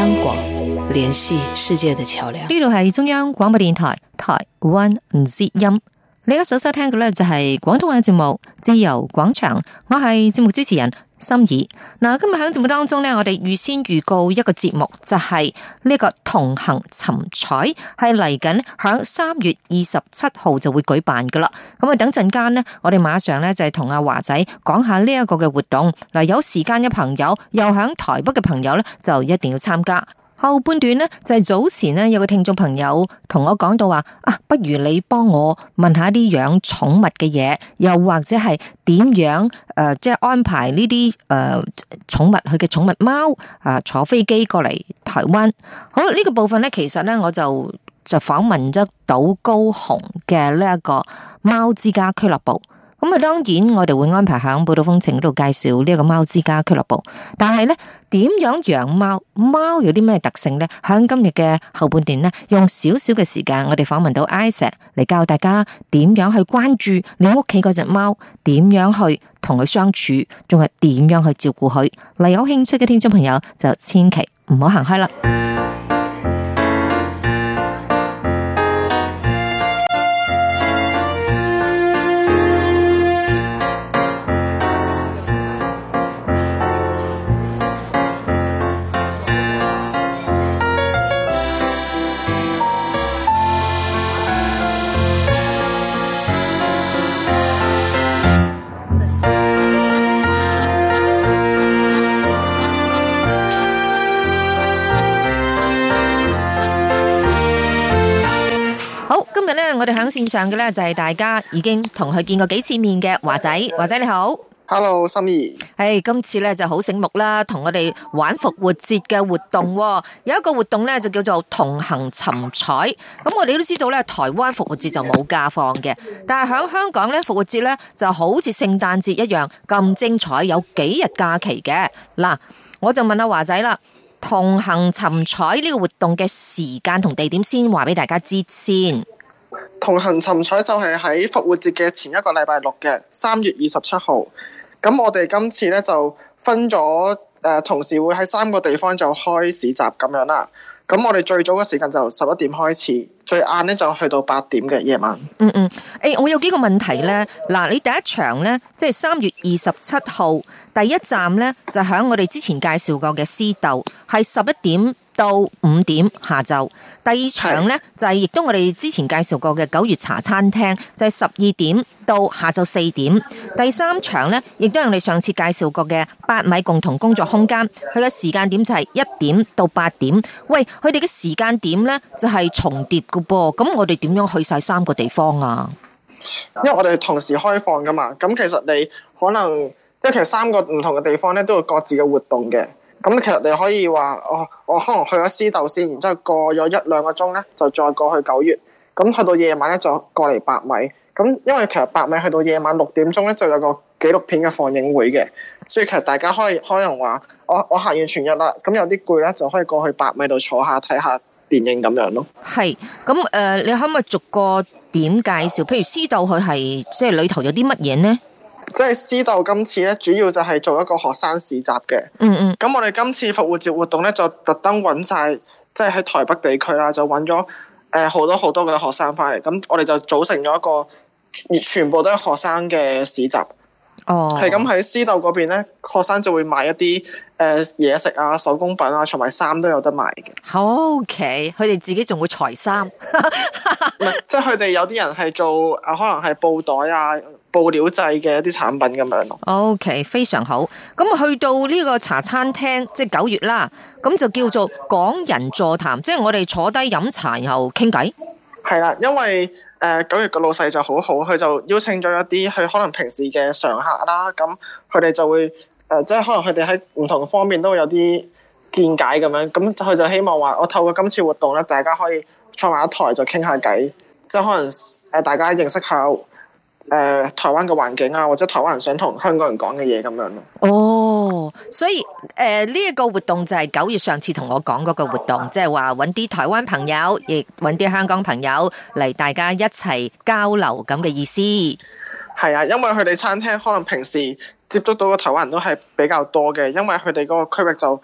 香港聯繫世界的橋樑，呢度係中央廣播電台台灣之音，你而家所收聽嘅咧就係廣東話節目《自由廣場》，我係節目主持人。心意嗱，今日喺節目當中咧，我哋預先預告一個節目，就係呢一個同行尋彩，係嚟緊響三月二十七號就會舉辦㗎喇。咁啊，等陣間咧，我哋馬上咧就係同阿華仔講下呢一個嘅活動。嗱，有時間嘅朋友，又響台北嘅朋友咧，就一定要參加。後半段咧就係、是、早前咧有個聽眾朋友同我講到話啊，不如你幫我問一下一啲養寵物嘅嘢，又或者係點樣誒，即、呃、係、就是、安排呢啲誒寵物佢嘅寵物貓誒、呃、坐飛機過嚟台灣。好呢、呢個部分咧，其實咧我就就訪問咗到高雄嘅呢一個貓之家俱樂部。咁啊，當然我哋會安排喺《報道風情》嗰度介紹呢一個貓之家俱樂部。但係咧，點樣養貓？貓有啲咩特性咧？響今日嘅後半段咧，用少少嘅時間，我哋訪問到 Isa 嚟教大家點樣去關注你屋企嗰隻貓，點樣去同佢相處，仲係點樣去照顧佢。嚟有興趣嘅聽眾朋友就千祈唔好行開啦。線上嘅咧就係大家已經同佢見過幾次面嘅華仔，華仔你好。Hello 心怡，誒，今次咧就好醒目啦，同我哋玩復活節嘅活動，有一個活動咧就叫做同行尋彩。咁、嗯、我哋都知道咧，台灣復活節就冇假放嘅，但係喺香港咧復活節咧就好似聖誕節一樣咁精彩，有幾日假期嘅嗱。我就問阿華、啊、仔啦，同行尋彩呢個活動嘅時間同地點先話俾大家知先。同行尋彩就係喺復活節嘅前一個禮拜六嘅三月二十七號，咁我哋今次咧就分咗誒、呃，同時會喺三個地方就開市集咁樣啦。咁我哋最早嘅時間就十一點開始，最晏咧就去到八點嘅夜晚。嗯嗯，誒、欸，我有幾個問題咧。嗱，你第一場咧，即係三月二十七號第一站咧，就喺我哋之前介紹過嘅獅鬥，係十一點，到五點下晝，第二場呢，就係、是、亦都我哋之前介紹過嘅九月茶餐廳，就係十二點到下晝四點。第三場呢，亦都係我哋上次介紹過嘅八米共同工作空間，佢嘅時間點就係一點到八點。喂，佢哋嘅時間點呢，就係重疊嘅噃。咁我哋點樣去晒三個地方啊？因為我哋同時開放噶嘛，咁其實你可能因為其實三個唔同嘅地方呢，都有各自嘅活動嘅。咁其實你可以話，哦，我可能去咗獅鬥先，然之後過咗一兩個鐘咧，就再過去九月。咁去到夜晚咧，就過嚟八米。咁因為其實八米去到夜晚六點鐘咧，就有個紀錄片嘅放映會嘅。所以其實大家可以可能話，我我行完全日啦，咁有啲攰咧，就可以過去八米度坐下睇下電影咁樣咯。係，咁誒、呃，你可唔可以逐個點介紹？譬如獅鬥佢係即係裏頭有啲乜嘢呢？即係獅鬥今次咧，主要就係做一個學生市集嘅。嗯嗯。咁我哋今次復活節活動咧，就特登揾晒，即係喺台北地區啦，就揾咗誒好多好多嘅學生翻嚟。咁我哋就組成咗一個，全,全部都係學生嘅市集。哦。係咁喺獅鬥嗰邊咧，學生就會賣一啲誒嘢食啊、手工品啊，同埋衫都有得賣嘅。OK，佢哋自己仲會裁衫。唔 係，即係佢哋有啲人係做，可能係布袋啊。布料製嘅一啲產品咁樣。OK，非常好。咁去到呢個茶餐廳，即係九月啦，咁就叫做港人座談，即係我哋坐低飲茶然後傾偈。係啦，因為誒九月個老細就好好，佢就邀請咗一啲，佢可能平時嘅常客啦，咁佢哋就會誒，即係可能佢哋喺唔同方面都會有啲見解咁樣。咁佢就希望話，我透過今次活動咧，大家可以坐埋一台就傾下偈，即係可能誒大家認識下。誒、呃，台灣嘅環境啊，或者台灣人想同香港人講嘅嘢咁樣咯。哦，所以誒呢一個活動就係九月上次同我講嗰個活動，即係話揾啲台灣朋友，亦搵啲香港朋友嚟，大家一齊交流咁嘅意思。係啊，因為佢哋餐廳可能平時接觸到嘅台灣人都係比較多嘅，因為佢哋嗰個區域就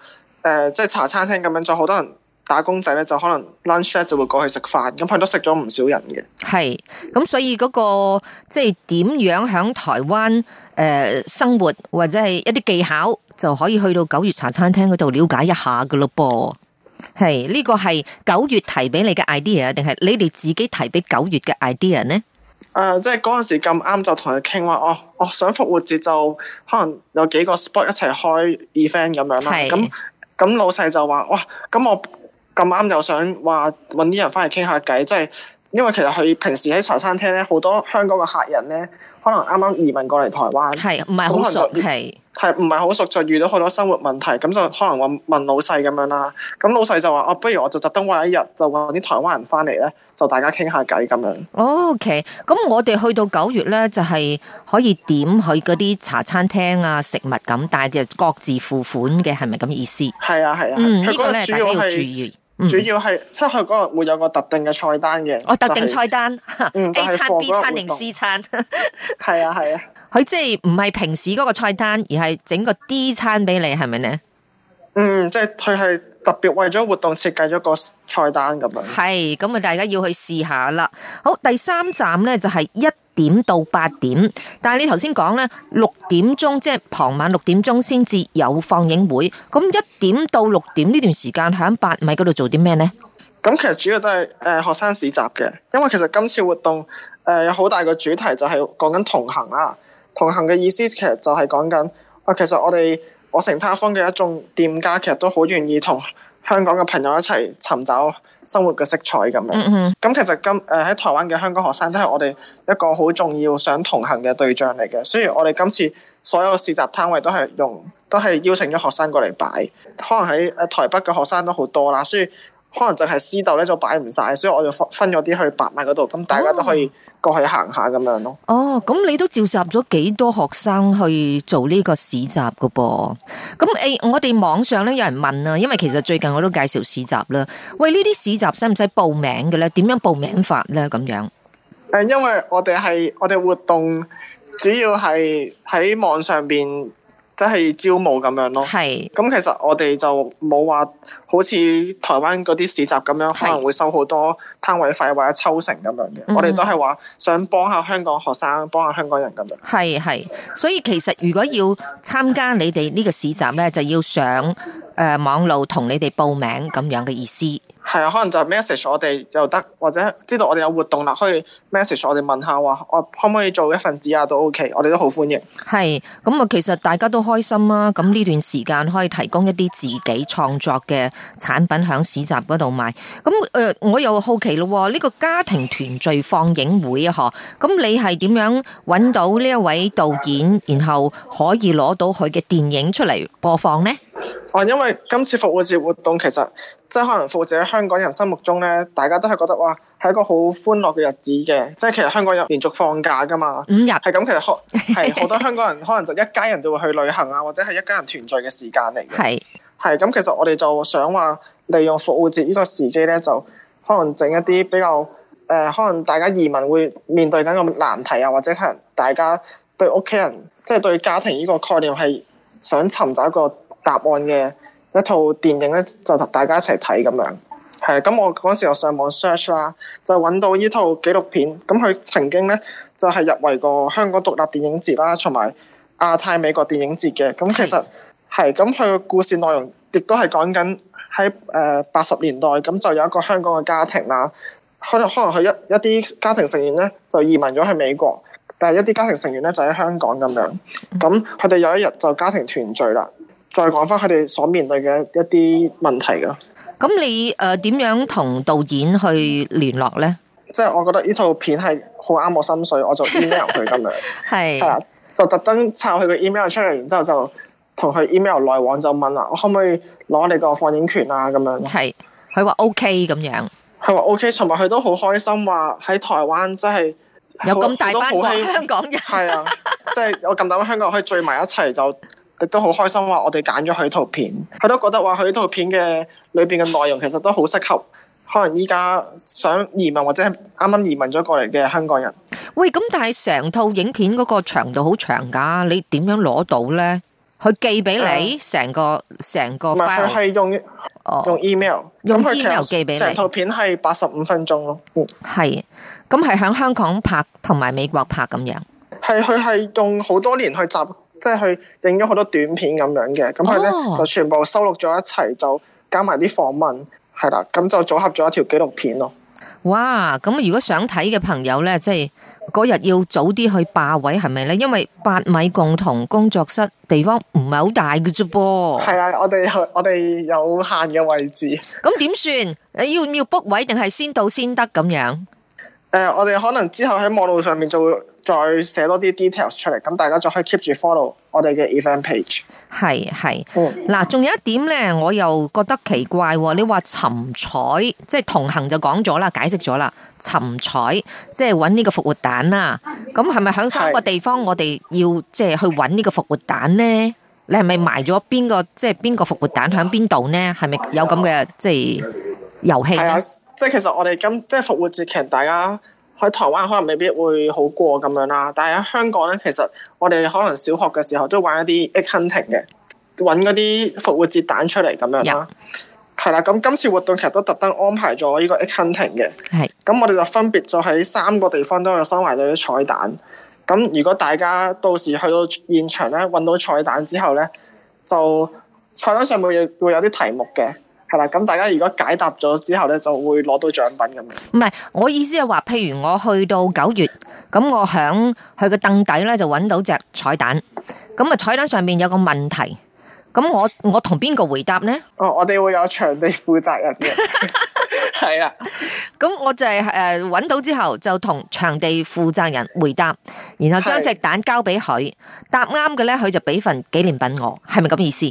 誒，即係茶餐廳咁樣，就好多人打工仔咧，就可能 lunch 咧就會過去食飯，咁佢都食咗唔少人嘅。係，咁所以嗰個即係點樣喺台灣誒、呃、生活或者係一啲技巧，就可以去到九月茶餐廳嗰度了解一下噶咯噃。係呢個係九月提俾你嘅 idea，定係你哋自己提俾九月嘅 idea 呢？誒、呃，即係嗰陣時咁啱就同佢傾話哦，我想復活節就可能有幾個 spot 一齊開 event 咁樣啦。咁咁係老細就話哇，咁我咁啱又想話搵啲人翻嚟傾下偈。即係。因為其實佢平時喺茶餐廳咧，好多香港嘅客人咧，可能啱啱移民過嚟台灣，係唔係好熟？係係唔係好熟？就遇到好多生活問題，咁就可能問問老細咁樣啦。咁老細就話：啊，不如我就特登過一日，就搵啲台灣人翻嚟咧，就大家傾下偈咁樣。OK，咁我哋去到九月咧，就係可以點去嗰啲茶餐廳啊食物咁，但係就各自付款嘅，係咪咁意思？係啊係啊，嗯，呢個咧大家要注意。主要係出去嗰日會有個特定嘅菜單嘅，我、哦就是、特定菜單，A 餐 B 餐定 C 餐，係啊係啊，佢即係唔係平時嗰個菜單，而係整個 D 餐俾你，係咪呢？嗯，即係佢係。特別為咗活動設計咗個菜單咁樣，係咁啊！大家要去試下啦。好，第三站呢就係、是，一點到八點，但係你頭先講呢，六點鐘，即係傍晚六點鐘先至有放映會。咁一點到六點呢段時間響八米嗰度做啲咩呢？咁其實主要都係誒、呃、學生市集嘅，因為其實今次活動誒、呃、有好大個主題就係講緊同行啦、啊。同行嘅意思其實就係講緊啊，其實我哋。我城他方嘅一眾店家，其實都好願意同香港嘅朋友一齊尋找生活嘅色彩咁樣。咁、嗯、哼其實今誒喺、呃、台灣嘅香港學生都係我哋一個好重要想同行嘅對象嚟嘅，所以我哋今次所有市集攤位都係用，都係邀請咗學生過嚟擺，可能喺誒台北嘅學生都好多啦，所以。可能就係獅鬥咧，就擺唔晒，所以我就分分咗啲去八米嗰度，咁大家都可以過去行下咁樣咯。哦，咁你都召集咗幾多學生去做呢個市集噶噃？咁誒、欸，我哋網上咧有人問啊，因為其實最近我都介紹市集啦。喂，呢啲市集使唔使報名嘅咧？點樣報名法咧？咁樣誒，因為我哋係我哋活動主要係喺網上邊即係招募咁樣咯。係是。咁其實我哋就冇話。好似台灣嗰啲市集咁樣，是可能會收好多攤位費或者抽成咁樣嘅。Mm hmm. 我哋都係話想幫下香港學生，幫下香港人咁樣。係係，所以其實如果要參加你哋呢個市集呢，就要上誒網路同你哋報名咁樣嘅意思。係啊，可能就 message 我哋就得，或者知道我哋有活動啦，可以 message 我哋問下話，我可唔可以做一份子啊？都 OK，我哋都好歡迎。係咁啊，其實大家都開心啦、啊。咁呢段時間可以提供一啲自己創作嘅，產品喺市集嗰度賣，咁誒、呃，我又好奇咯，呢、這個家庭團聚放映會啊，嗬，咁你係點樣搵到呢一位導演，然後可以攞到佢嘅電影出嚟播放呢？哦，因為今次復活節活動其實即係可能復活節喺香港人心目中呢，大家都係覺得哇，係一個好歡樂嘅日子嘅，即係其實香港有連續放假噶嘛，五日係咁，其實係好多香港人 可能就一家人就會去旅行啊，或者係一家人團聚嘅時間嚟嘅。係。係咁，其實我哋就想話利用復活節呢個時機咧，就可能整一啲比較誒、呃，可能大家移民會面對緊個難題啊，或者可能大家對屋企人即係、就是、對家庭呢個概念係想尋找一個答案嘅一套電影咧，就同大家一齊睇咁樣。係咁，那我嗰陣時又上網 search 啦，就揾到呢套紀錄片。咁佢曾經咧就係、是、入圍個香港獨立電影節啦，同埋亞太美國電影節嘅。咁其實～係咁，佢個故事內容亦都係講緊喺誒八十年代，咁就有一個香港嘅家庭啦。可能可能佢一一啲家庭成員咧就移民咗去美國，但係一啲家庭成員咧就喺香港咁樣。咁佢哋有一日就家庭團聚啦。再講翻佢哋所面對嘅一啲問題咯。咁你誒點樣同導演去聯絡咧？即係我覺得呢套片係好啱我心水，我就 email 佢咁樣係係啦，就特登抄佢個 email 出嚟，然之後就。同佢 email 來往就問啦，我可唔可以攞你個放映權啊？咁樣係，佢話 OK 咁樣，佢話 OK。尋日佢都好開心，話喺台灣真係有咁大班個香港人，係 啊，即係我咁大班香港人可以聚埋一齊，就亦都好開心。話我哋揀咗佢套片，佢都覺得話佢套片嘅裏邊嘅內容其實都好適合，可能依家想移民或者係啱啱移民咗過嚟嘅香港人。喂，咁但係成套影片嗰個長度好長噶，你點樣攞到咧？佢寄俾你成個成、嗯、個佢嚟，係用、哦、用 email、嗯、用 email 寄俾你，成套片係八十五分鐘咯。係咁係響香港拍同埋美國拍咁樣，係佢係用好多年去集，即係去影咗好多短片咁樣嘅，咁佢咧就全部收錄咗一齊，就加埋啲訪問，係啦，咁就組合咗一條紀錄片咯。哇！咁如果想睇嘅朋友呢，即係嗰日要早啲去霸位係咪呢？因為八米共同工作室地方唔係好大嘅啫噃。係啊，我哋我哋有限嘅位置。咁點 算？你要唔要 book 位定係先到先得咁樣？呃，我哋可能之後喺網絡上面就會。再寫多啲 details 出嚟，咁大家就可以 keep 住 follow 我哋嘅 event page。係係是，嗱、嗯，仲有一點咧，我又覺得奇怪、哦。你話尋彩，即係同行就講咗啦，解釋咗啦。尋彩即係揾呢個復活蛋啊！咁係咪喺三個地方我哋要即係是去揾呢個復活蛋呢？你係咪埋咗邊個？即係邊個復活蛋喺邊度呢？係咪有咁嘅即係遊戲、啊？即係其實我哋今即係復活節，其實大家。喺台灣可能未必會好過咁樣啦，但係喺香港咧，其實我哋可能小學嘅時候都玩一啲 egg hunting 嘅，揾嗰啲復活節蛋出嚟咁樣啦。係啦、嗯，咁今次活動其實都特登安排咗呢個 egg hunting 嘅。係是。咁我哋就分別就喺三個地方都有收埋咗啲彩蛋。咁如果大家到時去到現場咧，揾到彩蛋之後咧，就彩蛋上面會有啲題目嘅。係啦，咁大家如果解答咗之後咧，就會攞到獎品咁。唔係，我意思係話，譬如我去到九月，咁我響佢個凳底咧就揾到隻彩蛋，咁啊彩蛋上面有個問題，咁我我同邊個回答呢？哦，我哋會有場地負責人嘅，係啦。咁我就係誒揾到之後就同場地負責人回答，然後將隻蛋交俾佢，答啱嘅咧佢就俾份紀念品我，係咪咁意思？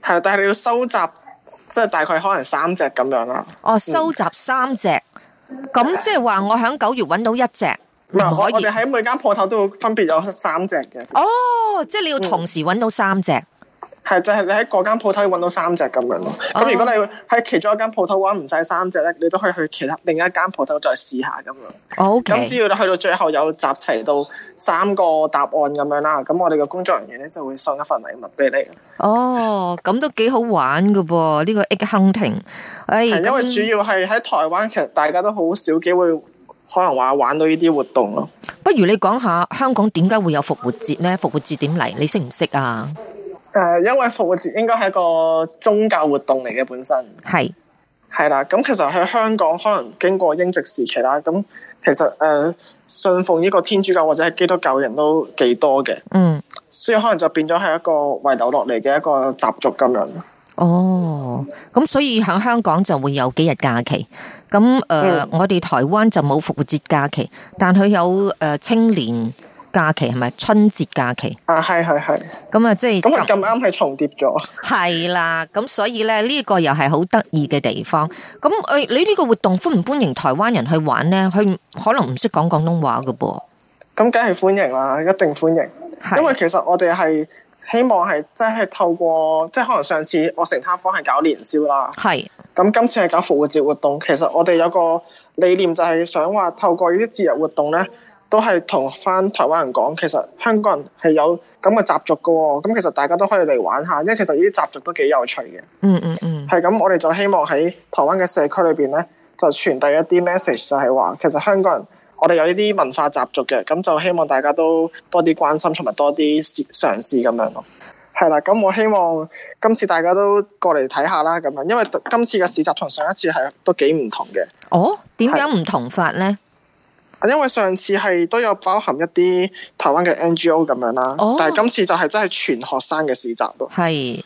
係，但係你要收集。即係大概可能三隻咁樣啦。哦，收集三隻，咁即係話我喺九月搵到一隻，唔係，唔可以？我哋喺每間鋪頭都分別有三隻嘅。哦，即係你要同時搵到三隻。嗯係就係你喺嗰間鋪頭揾到三隻咁樣咯，咁、哦、如果你喺其中一間鋪頭揾唔晒三隻咧，你都可以去其他另一間鋪頭再試下咁樣。OK，咁只要你去到最後有集齊到三個答案咁樣啦，咁我哋嘅工作人員咧就會送一份禮物俾你。哦，咁都幾好玩噶噃、啊，呢、這個 Egg Hunting。哎、是因為主要係喺台灣，其實大家都好少機會，可能話玩到呢啲活動咯。不如你講下香港點解會有復活節呢？復活節點嚟？你識唔識啊？誒，因為復活節應該係一個宗教活動嚟嘅本身，係係啦。咁其實喺香港可能經過英殖時期啦，咁其實誒、呃、信奉呢個天主教或者係基督教人都幾多嘅，嗯，所以可能就變咗係一個遺留落嚟嘅一個習俗咁樣。哦，咁所以喺香港就會有幾日假期，咁誒，呃嗯，我哋台灣就冇復活節假期，但佢有誒青年。假期係咪春節假期？是是假期啊係係係，咁啊即係咁佢咁啱係重疊咗。係啦，咁所以咧呢、呢個又係好得意嘅地方。咁誒，你呢個活動歡唔歡迎台灣人去玩咧？佢可能唔識講廣東話㗎噃。咁梗係歡迎啦，一定歡迎。是因為其實我哋係希望係即係透過即係、就是、可能上次我成間房係搞年宵啦，係咁今次係搞復活節活動。其實我哋有個理念就係想話透過呢啲節日活動咧，都係同翻台灣人講，其實香港人係有咁嘅習俗嘅、哦，咁其實大家都可以嚟玩下，因為其實呢啲習俗都幾有趣嘅。嗯嗯嗯，係咁，我哋就希望喺台灣嘅社區裏邊咧，就傳遞一啲 message，就係話其實香港人我哋有呢啲文化習俗嘅，咁就希望大家都多啲關心同埋多啲試嘗試咁樣咯。係啦，咁我希望今次大家都過嚟睇下啦，咁樣，因為今次嘅市集同上一次係都幾唔同嘅。哦，點樣唔同法咧？因為上次係都有包含一啲台灣嘅 NGO 咁樣啦，哦、但係今次就係真係全學生嘅市集咯。係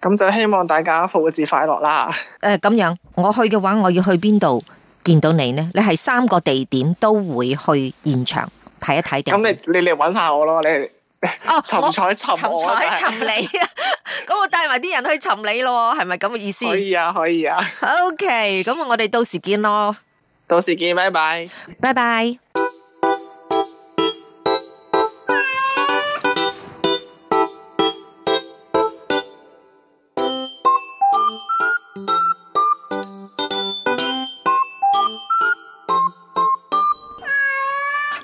咁是、嗯、就希望大家復活節快樂啦。誒、呃，咁樣，我去嘅話，我要去邊度見到你呢？你係三個地點都會去現場睇一睇嘅。咁你你嚟揾下我咯，你啊，尋、哦、彩尋尋彩尋你啊！咁我帶埋啲人去尋你咯，係咪咁嘅意思？可以啊，可以啊。 OK，咁我我哋到時見咯。到時見，拜拜，拜拜。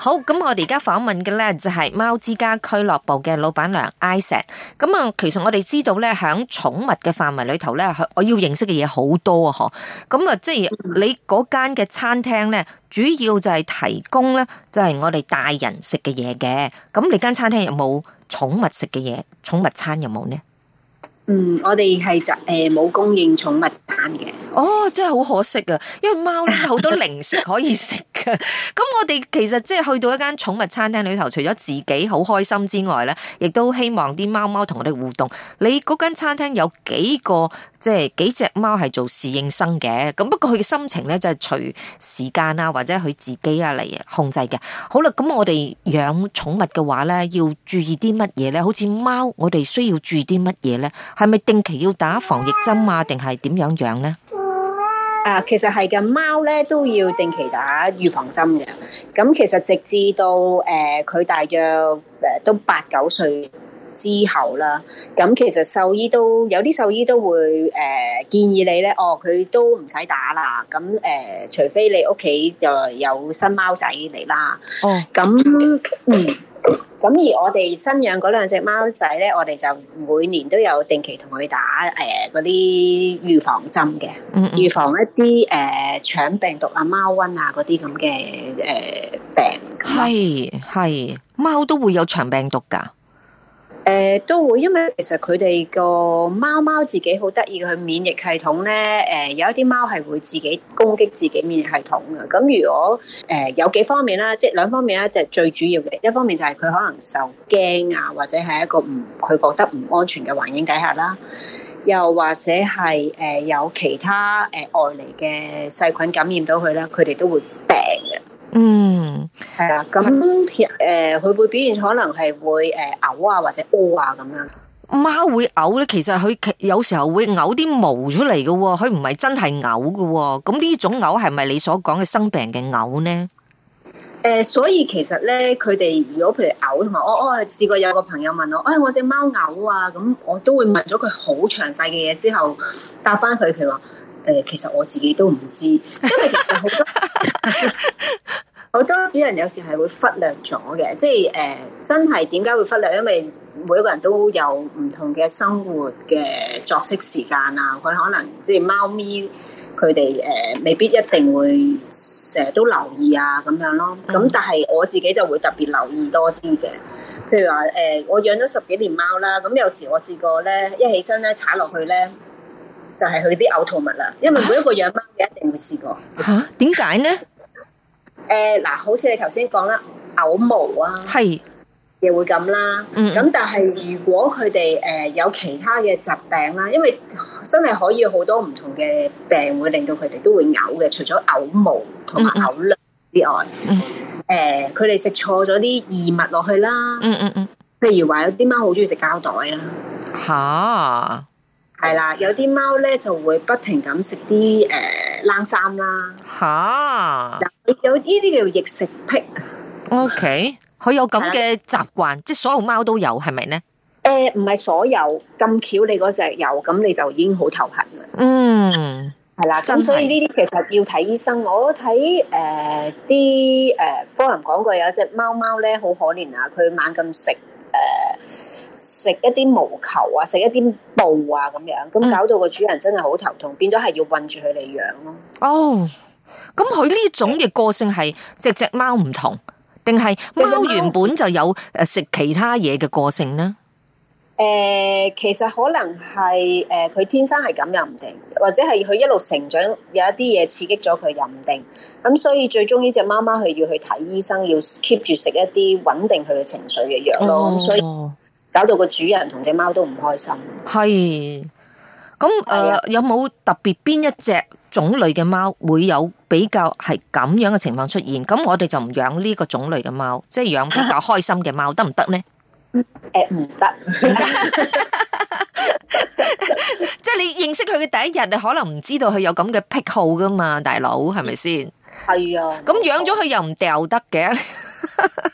好，咁我哋而家訪問嘅呢就係貓之家俱樂部嘅老闆娘 Isa。咁啊，其實我哋知道呢，響寵物嘅範圍裏頭呢，我要認識嘅嘢好多啊，嗬。咁啊，即係你嗰間嘅餐廳呢，主要就係提供呢，就係我哋大人食嘅嘢嘅。咁你間餐廳有冇寵物食嘅嘢？寵物餐有冇呢？嗯，我哋係就誒冇供應寵物蛋嘅。哦，真係好可惜啊！因為貓咧好多零食可以食噶。咁 我哋其實即係去到一間寵物餐廳裏頭，除咗自己好開心之外咧，亦都希望啲貓貓同我哋互動。你嗰間餐廳有幾個即係幾隻貓係做侍應生嘅？咁不過佢嘅心情咧就係、是、隨時間啦、啊，或者佢自己啊嚟控制嘅。好啦，咁我哋養寵物嘅話咧，要注意啲乜嘢？咧好似貓，我哋需要注意啲乜嘢？咧係咪定期要打防疫針啊？定係點樣養咧？啊，其實係嘅，貓咧都要定期打預防針嘅。咁其實直至到誒佢大約誒都八九歲之後啦。咁其實獸醫都有啲獸醫都會誒建議你咧，哦佢都唔使打啦。咁誒，除非你屋企就有新貓仔嚟啦。哦，咁嗯。咁而我哋新養嗰兩隻貓仔咧，我哋就每年都有定期同佢打誒嗰啲預防針嘅，嗯嗯，預防一啲誒腸病毒啊、貓瘟啊嗰啲咁嘅誒病。係係，貓都會有腸病毒噶？誒、呃、都會，因為其實佢哋個貓貓自己好得意嘅免疫系統呢，誒、呃、有一啲貓係會自己攻擊自己免疫系統嘅。咁如果誒、呃、有幾方面啦，即兩方面啦，就係最主要嘅。一方面就係佢可能受驚啊，或者係一個唔佢覺得唔安全嘅環境底下啦，又或者係誒、呃、有其他誒外嚟嘅細菌感染到佢啦，佢哋都會。嗯，係啊，咁、嗯、誒，佢會，會表現可能係會誒嘔啊，或者屙啊咁樣。貓會嘔、呃、咧，其實佢有時候會嘔、呃、啲毛出嚟㗎、哦，佢唔係真係嘔㗎。咁、嗯、呢種嘔係咪你所講嘅生病嘅嘔、呃、呢？誒、呃，所以其實咧，佢哋如果譬如嘔同埋屙，我試、哦哦、過有個朋友問我，誒、哎，我隻貓嘔啊，咁、嗯、我都會問咗佢好詳細嘅嘢之後，答翻佢佢話，誒、呃，其實我自己都唔知，因為其實好多。啲人有時係會忽略咗嘅，即係誒、呃、真係點解會忽略？因為每一個人都有唔同嘅生活嘅作息時間啊，佢可能即係貓咪佢哋誒未必一定會成日、呃、都留意啊咁樣咯。咁但係我自己就會特別留意多啲嘅。譬如話誒、呃，我養咗十幾年貓啦，咁有時我試過咧一起身咧踩落去咧，就係佢啲嘔吐物啦。因為每一個養貓嘅一定會試過嚇，點解咧？誒嗱，好似、呃、你頭先講啦，嘔毛啊，係又會咁啦。咁、嗯、但係如果佢哋誒有其他嘅疾病啦，因為真係可以好多唔同嘅病會令到佢哋都會嘔嘅，除咗嘔毛同埋嘔尿之外，誒佢哋食錯咗啲異物落去啦。嗯嗯嗯，譬如話有啲貓好中意食膠袋啦，吓哈，係啦，有啲貓咧就會不停咁食啲誒。呃冷衫啦，吓，有有呢啲叫做異食癖。O K，佢有咁嘅習慣，即係所有貓都有，係咪咧？誒，唔係所有咁巧，你嗰隻有，咁你就已經好頭痕啦。嗯，係啦，咁所以呢啲其實要睇醫生。我睇誒啲誒科林講過，有一隻貓貓咧好可憐啊，佢猛咁食。誒，食一啲毛球啊，食一啲布啊，咁樣，咁搞到個主人真係好頭痛，變咗係要困住佢嚟養咯。哦，咁佢呢種嘅個性係只隻貓唔同，定係貓原本就有誒食其他嘢嘅個性呢？誒，其實可能係誒，佢天生係咁又唔定，或者係佢一路成長有一啲嘢刺激咗佢又唔定。咁所以最終呢隻貓貓係要去睇醫生，要 keep 住食一啲穩定佢嘅情緒嘅藥咯。咁所以搞到個主人同隻貓都唔開心。係。咁誒，有冇特別邊一隻種類嘅貓會有比較係咁樣嘅情況出現？咁我哋就唔養呢個種類嘅貓，即係養比較開心嘅貓得唔得呢？誒唔得，即係你認識佢嘅第一日，你可能唔知道佢有咁嘅癖好噶嘛，大佬係咪先？係啊，咁養咗佢又唔掉得嘅，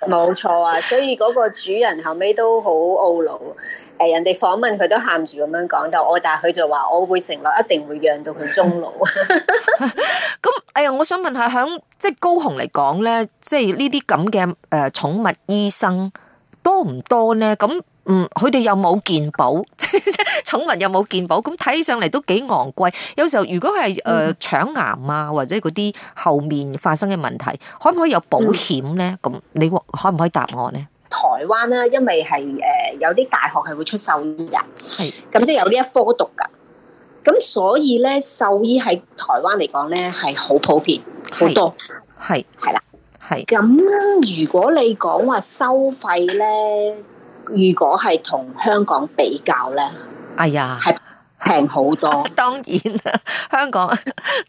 冇錯啊。所以嗰個主人後尾都好懊惱。誒，人哋訪問佢都喊住咁樣講，但係我但係佢就話我會承諾，一定會養到佢終老。咁誒呀，我想問下，響即係高雄嚟講咧，即係呢啲咁嘅誒寵物醫生。多唔多呢？咁嗯，佢哋又冇健保，即係寵物又冇健保，咁睇起上嚟，都幾昂貴。有時候如果係誒腸癌啊，或者嗰啲後面發生嘅問題，可唔可以有保險呢？咁你可唔可以答我呢？台灣呢，因為係誒有啲大學係會出獸醫噶，係咁即係有呢一科讀噶咁所以呢，獸醫喺台灣嚟講呢，係好普遍，好多，係係係啦。係咁，如果你講話收費咧，如果係同香港比較咧，哎呀，係平好多。當然啦，香港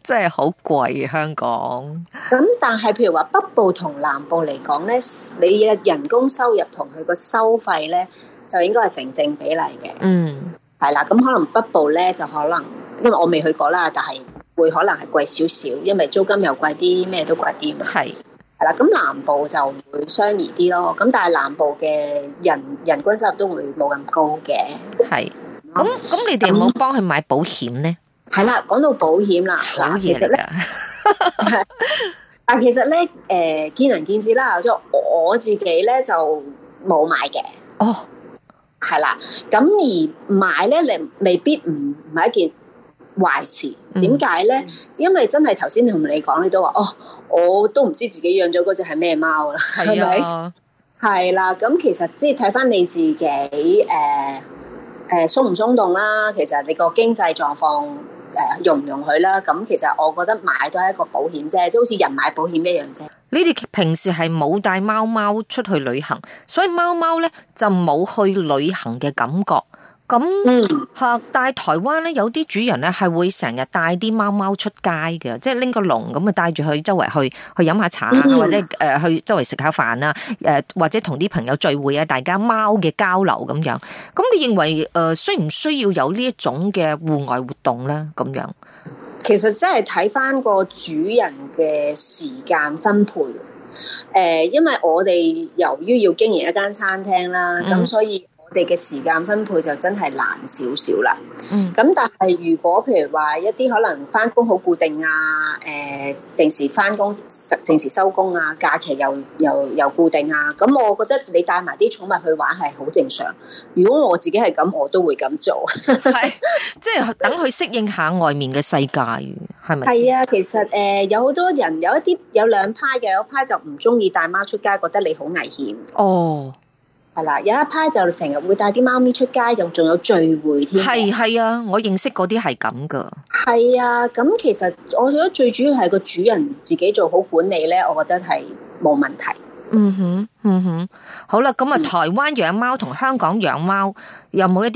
真係好貴嘅香港。咁但係譬如話北部同南部嚟講咧，你嘅人工收入同佢個收費咧，就應該係成正比例嘅。嗯，係啦，咁可能北部咧就可能，因為我未去過啦，但係會可能係貴少少，因為租金又貴啲，咩都貴啲嘛。係。係啦，咁南部就會相宜啲咯，咁但係南部嘅人人均收入都會冇咁高嘅。係，咁咁你哋有冇幫佢買保險咧？係啦，講到保險啦，嗱，其實咧，但其實咧，誒，見仁見智啦。咁我我自己咧就冇買嘅。哦，係啦，咁而買咧，你未必唔買一件。壞事，點解呢？因為真係頭先同你講，你都話，哦，我都唔知自己養咗嗰隻係咩貓啦，係咪、啊？係啦，咁其實即係睇翻你自己誒誒鬆唔鬆動啦。其實你個經濟狀況誒容唔容許啦。咁其實我覺得買都係一個保險啫，即、係、好似人買保險一樣啫。你哋平時係冇帶貓貓出去旅行，所以貓貓呢就冇去旅行嘅感覺。咁吓，嗯、但係台灣咧有啲主人咧係會成日帶啲貓貓出街嘅，即係拎個籠咁啊帶住去周圍去去飲下茶，或者誒去周圍食下飯啦，誒或者同啲朋友聚會啊，大家貓嘅交流咁樣。咁你認為誒需唔需要有呢一種嘅戶外活動咧？咁樣其實即係睇翻個主人嘅時間分配。誒，因為我哋由於要經營一間餐廳啦，咁所以。哋嘅時間分配就真係難少少啦。咁、嗯、但係如果譬如話一啲可能翻工好固定啊，誒定時翻工、定時收工啊，假期又又又固定啊，咁我覺得你帶埋啲寵物去玩係好正常。如果我自己係咁，我都會咁做。係， 即係等佢適應下外面嘅世界，係咪？係啊，其實誒、呃、有好多人有一啲有兩派嘅，有一派就唔中意帶貓出街，覺得你好危險。哦。係啦，有一批就成日會帶啲貓咪出街，又仲有聚會添。係係啊，我認識嗰啲係咁噶。係啊，咁其實我覺得最主要係個主人自己做好管理咧，我覺得係冇問題。嗯哼，嗯哼，好啦，咁啊，台灣養貓同香港養貓有冇一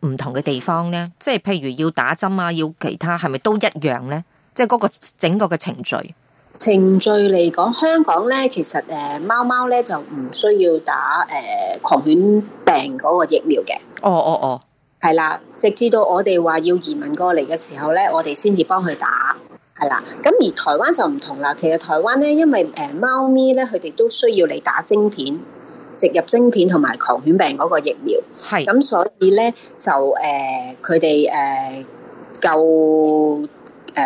啲唔同嘅地方咧？即係譬如要打針啊，要其他，係咪都一樣咧？即係嗰個整個嘅程序。程序嚟講，香港咧其實誒貓貓咧就唔需要打誒狂犬病嗰個疫苗嘅。哦哦哦，係啦，直至到我哋話要移民過嚟嘅時候咧，我哋先至幫佢打，係啦。咁而台灣就唔同啦，其實台灣咧因為誒貓咪咧佢哋都需要你打晶片，植入晶片同埋狂犬病嗰個疫苗。係。咁所以咧就誒佢哋誒夠。誒、呃、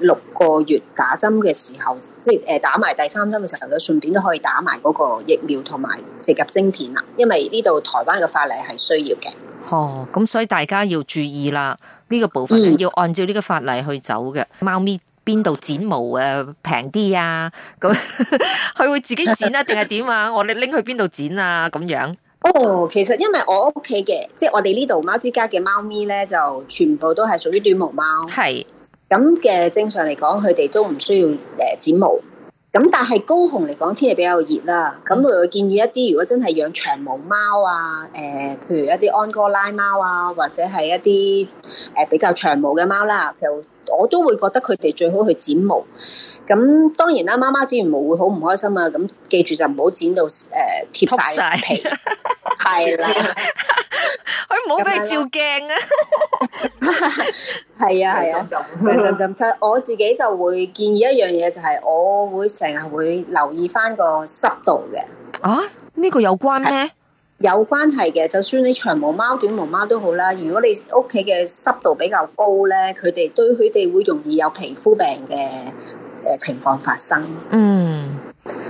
六個月打針嘅時候，即係誒打埋第三針嘅時候，咁順便都可以打埋嗰個疫苗同埋植入晶片啦。因為呢度台灣嘅法例係需要嘅。哦，咁所以大家要注意啦，呢、呢個部分、嗯、要按照呢個法例去走嘅。貓咪邊度剪毛誒平啲啊？咁佢、啊、 會自己剪啊，定係點啊？ 我哋拎去邊度剪啊？咁樣哦，其實因為我屋企嘅，即、就、係、是、我哋呢度貓之家嘅貓咪咧，就全部都係屬於短毛貓。係。咁嘅正常嚟講，佢哋都唔需要誒、呃、剪毛。咁但係高雄嚟講，天氣比較熱啦，咁、嗯、我會建議一啲如果真係養長毛貓啊，誒、呃，譬如一啲安哥拉貓啊，或者係一啲誒、呃、比較長毛嘅貓啦，譬如。我都會覺得佢哋最好去剪毛，咁當然啦，媽媽剪完毛會好唔開心啊！咁記住就唔好剪到誒貼晒皮，係啦 的，佢唔好俾佢照鏡啊 係啊係啊，就就就， 我自己就會建議一樣嘢就係、是，我會成日會留意返個濕度嘅。啊？呢、這個有關咩？有關係嘅，就算你長毛貓、短毛貓都好啦。如果你屋企嘅濕度比較高咧，佢哋對佢哋會容易有皮膚病嘅嘅情況發生。嗯，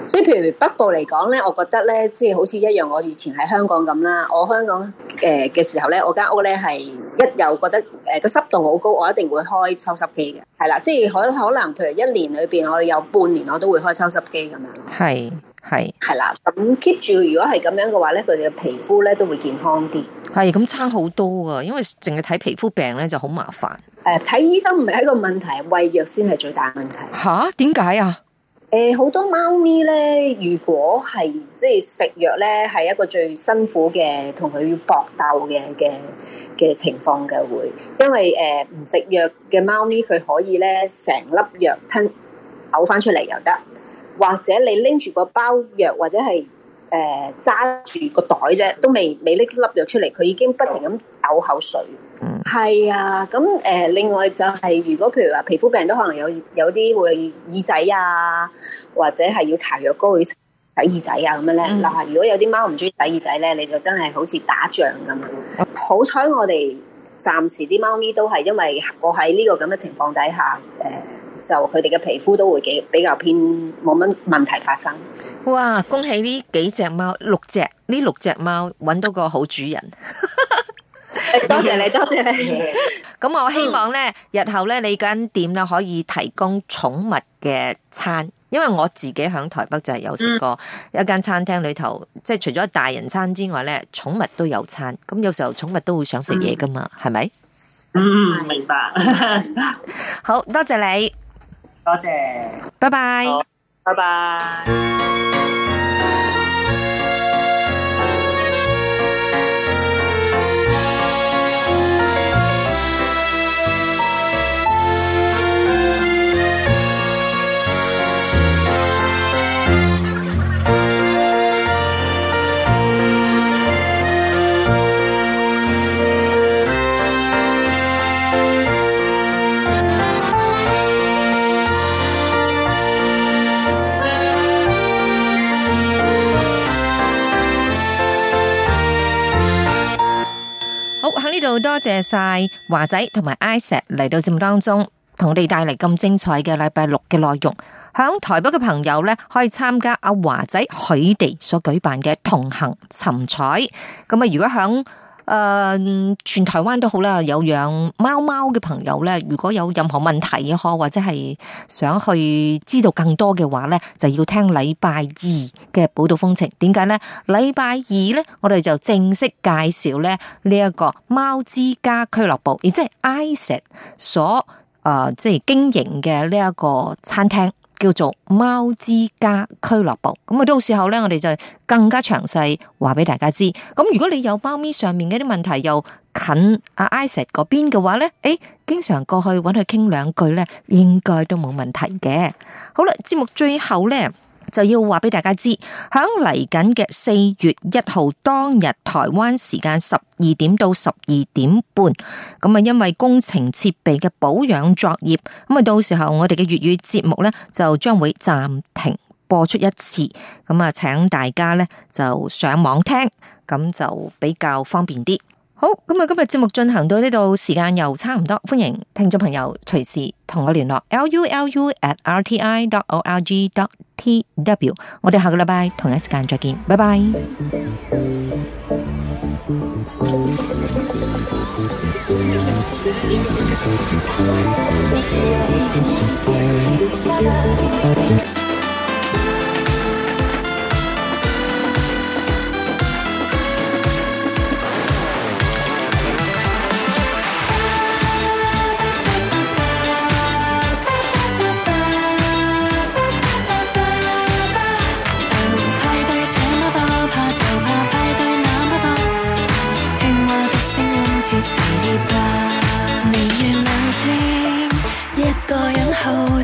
即係譬如北部嚟講咧，我覺得咧，即係好似一樣，我以前喺香港咁啦。我香港誒嘅、呃、時候咧，我間屋咧係一有覺得誒個濕度好高，我一定會開抽濕機嘅。係啦，即係可可能譬如一年裏邊，我有半年我都會開抽濕機咁樣。係。係係啦，咁 keep 住如果係咁樣嘅話咧，佢哋嘅皮膚咧都會健康啲。係咁差好多啊，因為淨係睇皮膚病咧就好麻煩。誒、呃，睇醫生唔係一個問題，餵藥先係最大問題。吓？點解啊？誒、呃，好多貓咪咧，如果係即係食藥咧，係、就是、一個最辛苦嘅，同佢要搏鬥嘅嘅嘅情況嘅會，因為誒唔食藥嘅貓咪，佢可以咧成粒藥吞嘔翻出嚟又得。或者你拎住個包藥，或者係誒揸住個袋啫，都未未拎粒藥出嚟，佢已經不停咁嘔口水。係、嗯、啊，咁誒、呃、另外就係、是、如果譬如話皮膚病都可能有有啲會有耳仔啊，或者係要搽藥膏去洗耳仔啊咁樣咧。嗱、嗯，如果有啲貓唔中意洗耳仔咧，你就真係好似打仗咁樣！好彩我哋暫時啲貓咪都係因為我喺呢個咁嘅情況底下誒。呃就佢哋嘅皮膚都會幾比較偏，冇乜問題發生。哇！恭喜呢幾隻貓六隻呢，六隻貓揾到個好主人。 多謝你，多謝你。咁我希望呢日後呢，你間店呢，可以提供寵物嘅餐，因為我自己響台北就係有食過、嗯、一間餐廳裏頭，即係除咗大人餐之外呢，寵物都有餐。咁有時候寵物都會想食嘢噶嘛，係咪、嗯？吧嗯，明白。 好多謝你。多謝，拜拜，拜拜。謝晒華仔同埋 Isa 嚟到節目當中，同你帶嚟咁精彩嘅禮拜六嘅內容。響台北嘅朋友咧，可以參加阿華仔佢哋所舉辦嘅同行尋彩。咁啊，如果響。誒，uh, 全台灣都好啦，有養貓貓嘅朋友咧，如果有任何問題可或者係想去知道更多嘅話咧，就要聽禮拜二嘅《報道風情》呢。點解咧？禮拜二咧，我哋就正式介紹咧呢一個貓之家俱樂部，亦即係 Isaac 所誒即係經營嘅呢一個餐廳。叫做貓之家俱樂部，咁啊到時候咧，我哋就更加詳細話俾大家知。咁如果你有貓咪上面嘅啲問題，又近阿 Isaac 嗰邊嘅話咧，誒、欸，經常過去搵佢傾兩句咧，應該都冇問題嘅。好啦，節目最後咧。就要話俾大家知，響嚟緊嘅四月一號當日台灣時間十二點到十二點半，咁啊因為工程設備嘅保養作業，咁啊到時候我哋嘅粵語節目呢就將會暫停播出一次，咁啊請大家呢就上網聽，咁就比較方便啲。好，咁啊，今日節目進行到呢度，時間又差唔多，歡迎聽眾朋友隨時同我聯絡，l u l u at r t i dot o r g dot t w，我哋下個禮拜同一時間再見，拜拜。